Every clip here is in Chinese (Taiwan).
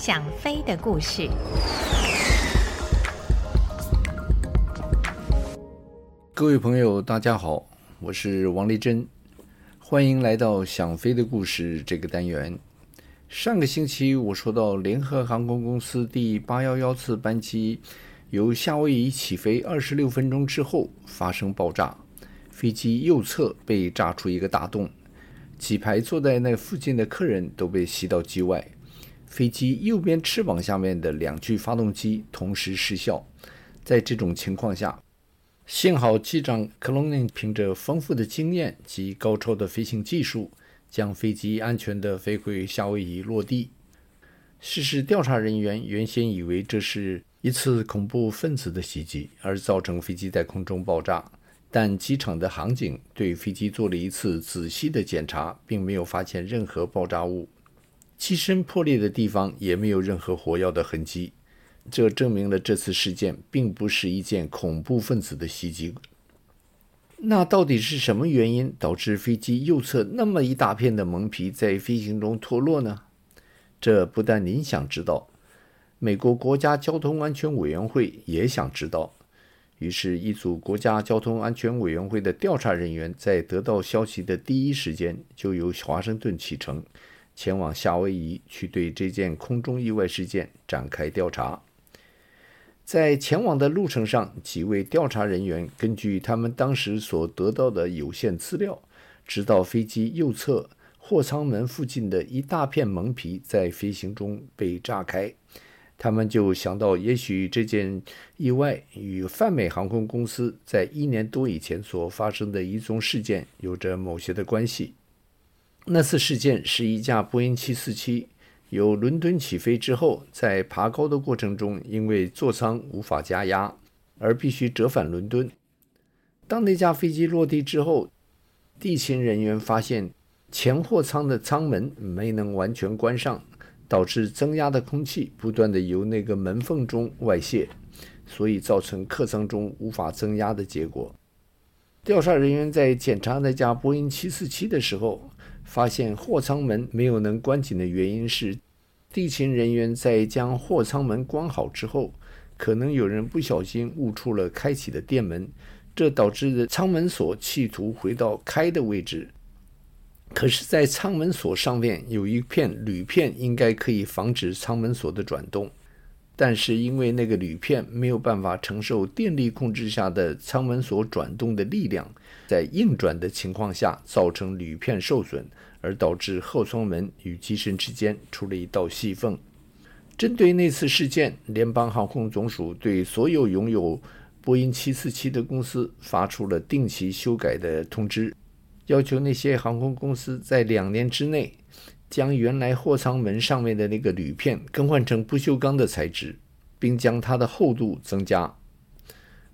想飛的故事。各位朋友，大家好，我是王麗珍，歡迎來到想飛的故事這個單元。上個星期，我說到聯合航空公司第八幺幺次班機由夏威夷起飛，二十六分鐘之後發生爆炸，飛機右側被炸出一個大洞，幾排坐在那附近的客人都被吸到機外。飛機右邊翅膀下面的兩具發動機同時失效，在這種情況下，幸好機長克 l e 憑着豐富的經驗及高超的飛行技術，將飛機安全地飛回夏威夷落地。事實調查人員原先以為這是一次恐怖分子的襲擊而造成飛機在空中爆炸，但機場的航警對飛機做了一次仔細的檢查，並沒有發現任何爆炸物。機身破裂的地方也沒有任何火藥的痕迹，這證明了這次事件並不是一件恐怖分子的襲擊。那到底是什麼原因導致飛機右側那麼一大片的蒙皮在飛行中脫落呢？這不但您想知道，美國國家交通安全委員會也想知道。於是，一組國家交通安全委員會的調查人員在得到消息的第一時間就由華盛頓啟程。前往夏威夷去對這件空中意外事件展開調查。在前往的路程上，幾位調查人員根據他們當時所得到的有限資料，知道飛機右側貨艙門附近的一大片蒙皮在飛行中被炸開，他們就想到，也許這件意外與泛美航空公司在一年多以前所發生的一宗事件有着某些的關係。那次事件是一架波音747由倫敦起飛之後，在爬高的過程中，因為座艙無法加壓，而必須折返倫敦。當那架飛機落地之後，地勤人員發現前貨艙的艙門沒能完全關上，導致增壓的空氣不斷的由那個門縫中外洩，所以造成客艙中無法增壓的結果。調查人員在檢查那架波音747的時候，發現貨艙門沒有能關緊的原因是，地勤人員在將貨艙門關好之後，可能有人不小心誤觸了開啟的電門，這導致的艙門鎖企圖回到開的位置。可是，在艙門鎖上面有一片鋁片，應該可以防止艙門鎖的轉動。但是因為那個鋁片沒有辦法承受電力控制下的艙門鎖轉動的力量，在硬轉的情況下，造成鋁片受損，而導致後艙門與機身之間出了一道細縫。針對那次事件，聯邦航空總署對所有擁有波音747的公司發出了定期修改的通知，要求那些航空公司在兩年之內。將原來貨艙門上面的那個鋁片更換成不鏽鋼的材質，並將它的厚度增加。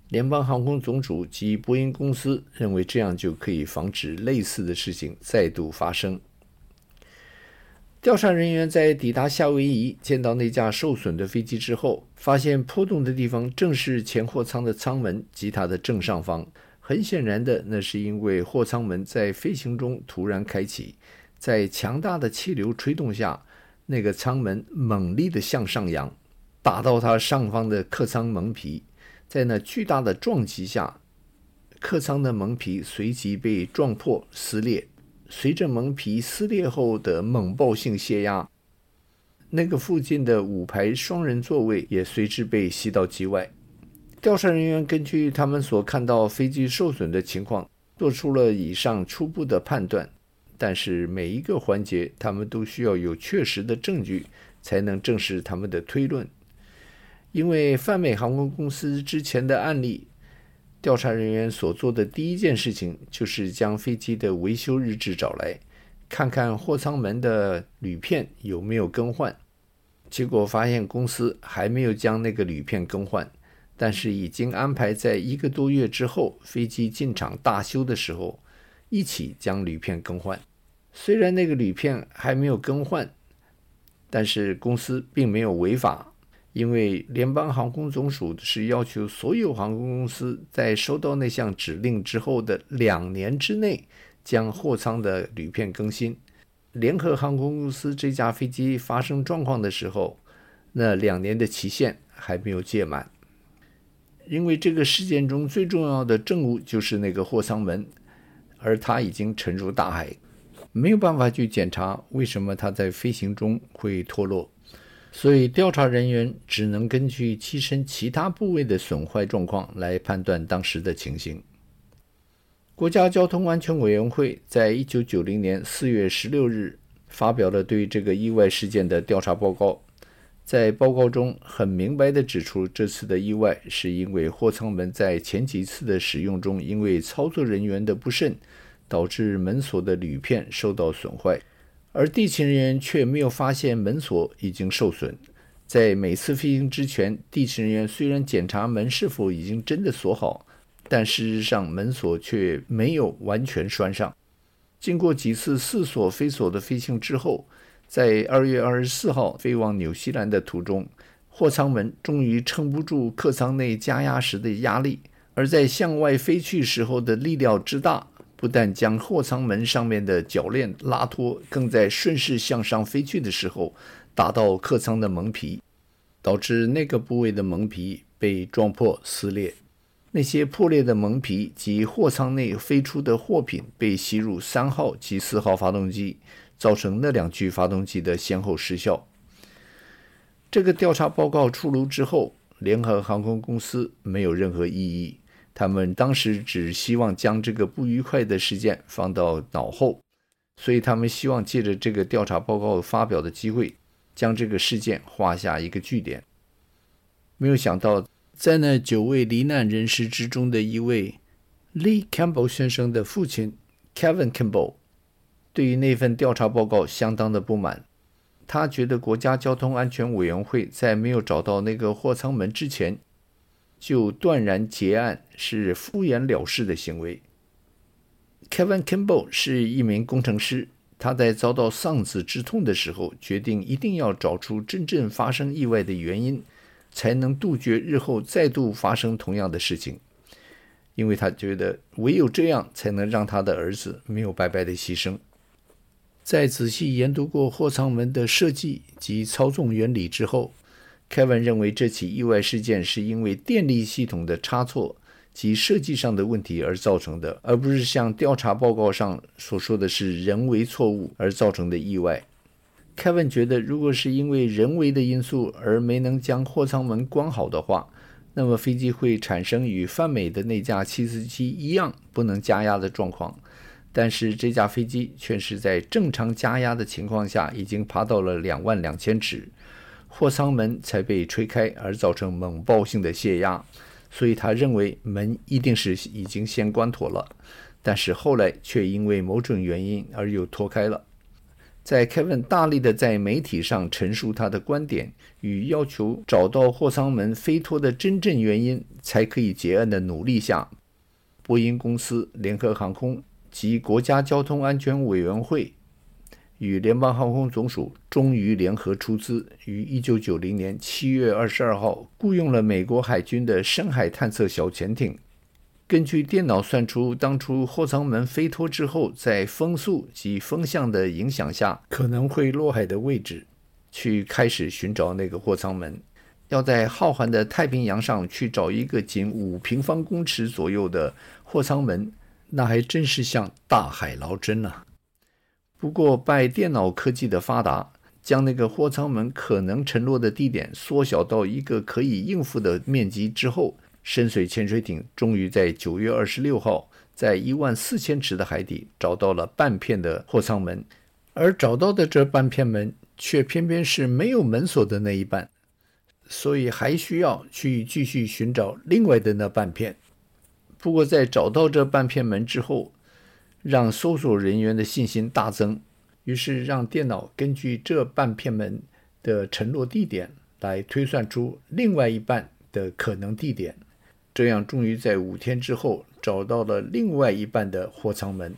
聯邦航空總署及波音公司認為，這樣就可以防止類似的事情再度發生。調查人員在抵達夏威夷，見到那架受損的飛機之後，發現破洞的地方正是前貨艙的艙門及它的正上方。很顯然的，那是因為貨艙門在飛行中突然開啟。在強大的氣流吹動下，那個艙門猛力地向上揚，打到它上方的客艙蒙皮。在那巨大的撞擊下，客艙的蒙皮隨即被撞破撕裂。隨着蒙皮撕裂後的猛爆性洩壓，那個附近的五排雙人座位也隨之被吸到機外。調查人員根據他們所看到飛機受損的情況，做出了以上初步的判斷。但是每一個環節，他們都需要有確實的證據才能證實他們的推論。因為泛美航空公司之前的案例，調查人員所做的第一件事情就是將飛機的維修日誌找來看看貨艙門的鋁片有沒有更換。結果發現公司還沒有將那個鋁片更換，但是已經安排在一個多月之後飛機進場大修的時候，一起將鋁片更換，雖然那個鋁片還沒有更換，但是公司並沒有違法，因為聯邦航空總署是要求所有航空公司，在收到那項指令之後的兩年之內，將貨艙的鋁片更新。聯合航空公司這架飛機發生狀況的時候，那兩年的期限還沒有屆滿。因為這個事件中最重要的證物就是那個貨艙門。而它已經沉入大海，沒有辦法去檢查為什麼它在飛行中會脫落，所以調查人員只能根據機身其他部位的損壞狀況來判斷當時的情形。國家交通安全委員會在一九九零年四月十六日發表了對這個意外事件的調查報告。在報告中很明白地指出，這次的意外是因為貨艙門在前幾次的使用中，因為操作人員的不慎，導致門鎖的鋁片受到損壞，而地勤人員卻沒有發現門鎖已經受損。在每次飛行之前，地勤人員雖然檢查門是否已經真的鎖好，但事實上門鎖卻沒有完全拴上。經過幾次似鎖非鎖的飛行之後，在二月二十四號飛往紐西蘭的途中，貨艙門終於撐不住客艙內加壓時的壓力，而在向外飛去時候的力量之大，不但將貨艙門上面的鉸鏈拉脫，更在順勢向上飛去的時候打到客艙的蒙皮，導致那個部位的蒙皮被撞破撕裂。那些破裂的蒙皮及貨艙內飛出的貨品被吸入三號及四號發動機。造成那兩具發動機的先後失效，這個調查報告出爐之後，聯合航空公司沒有任何異議。他們當時只希望將這個不愉快的事件放到腦後，所以他們希望借着這個調查報告發表的機會，將這個事件畫下一個句點。沒有想到，在那九位罹難人士之中的一位，Lee Campbell 先生的父親 Kevin Campbell。對於那份調查報告相當的不滿，他覺得國家交通安全委員會在沒有找到那個貨艙門之前就斷然結案是敷衍了事的行為。Kevin Kimball 是一名工程師，他在遭到喪子之痛的時候，決定一定要找出真正發生意外的原因，才能杜絕日後再度發生同樣的事情，因為他覺得唯有這樣才能讓他的兒子沒有白白的犧牲。在仔細研讀過貨艙門的設計及操縱原理之後，凱文認為這起意外事件是因為電力系統的差錯及設計上的問題而造成的，而不是像調查報告上所說的是人為錯誤而造成的意外。凱文覺得，如果是因為人為的因素而沒能將貨艙門關好的話，那麼飛機會產生與泛美的那架747一樣不能加壓的狀況。但是這架飛機卻是在正常加壓的情況下，已經爬到了兩萬兩千尺，貨艙門才被吹開，而造成猛爆性的泄壓。所以他認為門一定是已經先關妥了，但是後來卻因為某種原因而又脫開了。在凱文大力的在媒體上陳述他的觀點與要求找到貨艙門飛脫的真正原因，才可以結案的努力下，波音公司、聯合航空、及國家交通安全委員會與聯邦航空總署終於聯合出資，於一九九零年七月二十二號僱傭了美國海軍的深海探測小潛艇，根據電腦算出當初貨艙門飛脫之後，在風速及風向的影響下可能會落海的位置，去開始尋找那個貨艙門。要在浩瀚的太平洋上去找一個僅五平方公尺左右的貨艙門。那還真是像大海撈針啊。不過，拜電腦科技的發達，將那個貨艙門可能沉落的地點縮小到一個可以應付的面積之後，深水潛水艇終於在九月二十六號，在一萬四千尺的海底找到了半片的貨艙門。而找到的這半片門，卻偏偏是沒有門鎖的那一半，所以還需要去繼續尋找另外的那半片。不過，在找到這半片門之後，讓搜索人員的信心大增。於是，讓電腦根據這半片門的沉落地點來推算出另外一半的可能地點。這樣，終於在五天之後找到了另外一半的貨艙門。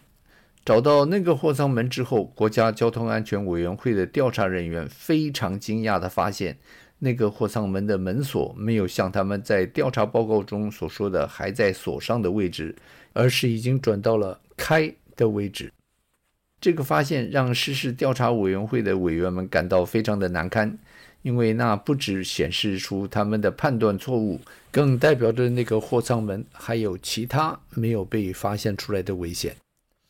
找到那個貨艙門之後，國家交通安全委員會的調查人員非常驚訝地發現。那個貨艙門的門鎖沒有像他們在調查報告中所說的還在鎖上的位置，而是已經轉到了開的位置。這個發現讓失事調查委員會的委員們感到非常的難堪，因為那不只顯示出他們的判斷錯誤，更代表着那個貨艙門還有其他沒有被發現出來的危險。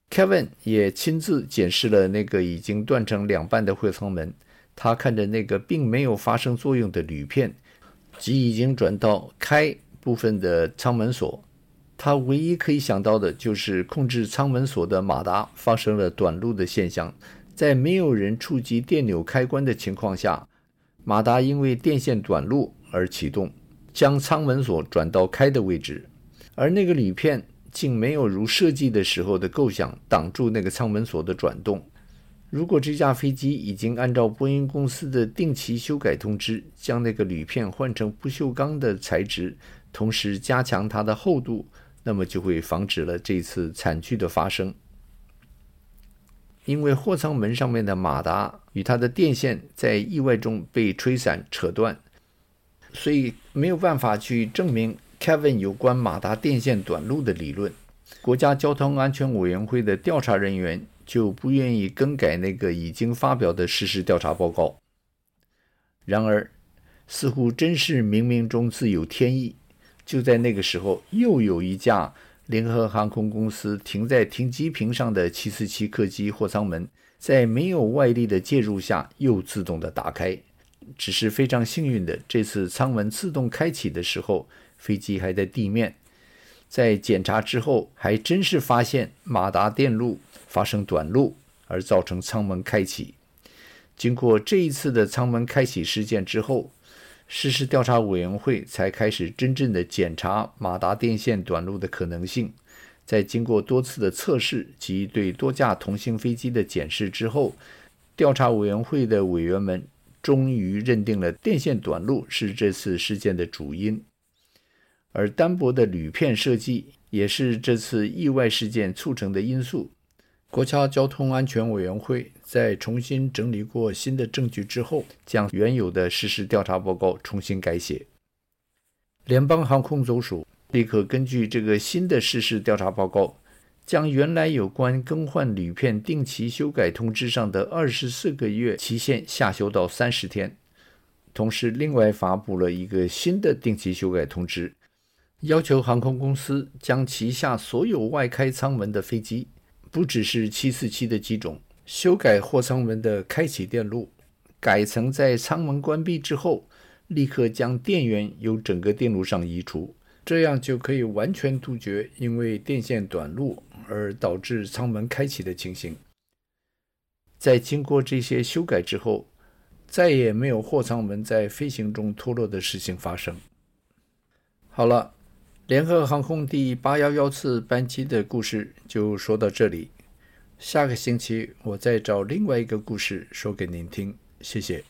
Kevin 也親自檢視了那個已經斷成兩半的貨艙門。他看着那個並沒有發生作用的鋁片，即已經轉到開部分的艙門鎖，他唯一可以想到的就是控制艙門鎖的馬達發生了短路的現象。在沒有人觸及電鈕開關的情況下，馬達因為電線短路而啟動，將艙門鎖轉到開的位置，而那個鋁片竟沒有如設計的時候的構想，擋住那個艙門鎖的轉動。如果這架飛機已經按照波音公司的定期修改通知，將那個鋁片換成不鏽鋼的材質，同時加強它的厚度，那麼就會防止了這次慘劇的發生。因為貨艙門上面的馬達與它的電線在意外中被吹散、扯斷，所以沒有辦法去證明 Kevin 有關馬達電線短路的理論。國家交通安全委員會的調查人員，就不願意更改那個已經發表的事實調查報告。然而，似乎真是冥冥中自有天意。就在那個時候，又有一架聯合航空公司停在停機坪上的747客機貨艙門，在沒有外力的介入下又自動的打開。只是非常幸運的，這次艙門自動開啟的時候，飛機還在地面。在檢查之後，還真是發現馬達電路發生短路而造成艙門開啟。經過這一次的艙門開啟事件之後，事實調查委員會才開始真正的檢查馬達電線短路的可能性。在經過多次的測試及對多架同型飛機的檢視之後，調查委員會的委員們終於認定了電線短路是這次事件的主因。而單薄的鋁片設計也是這次意外事件促成的因素。國家交通安全委員會在重新整理過新的證據之後，將原有的事實調查報告重新改寫。聯邦航空總署立刻根據這個新的事實調查報告，將原來有關更換鋁片定期修改通知上的二十四個月期限下修到三十天，同時另外發布了一個新的定期修改通知。要求航空公司將旗下所有外開艙門的飛機，不只是747的機種，修改貨艙門的開啟電路，改成在艙門關閉之後，立刻將電源由整個電路上移除，這樣就可以完全杜絕因為電線短路而導致艙門開啟的情形。在經過這些修改之後，再也沒有貨艙門在飛行中脫落的事情發生。好了。聯合航空第八幺幺次班機的故事就說到這裡，下個星期我再找另外一個故事說給您聽，謝謝。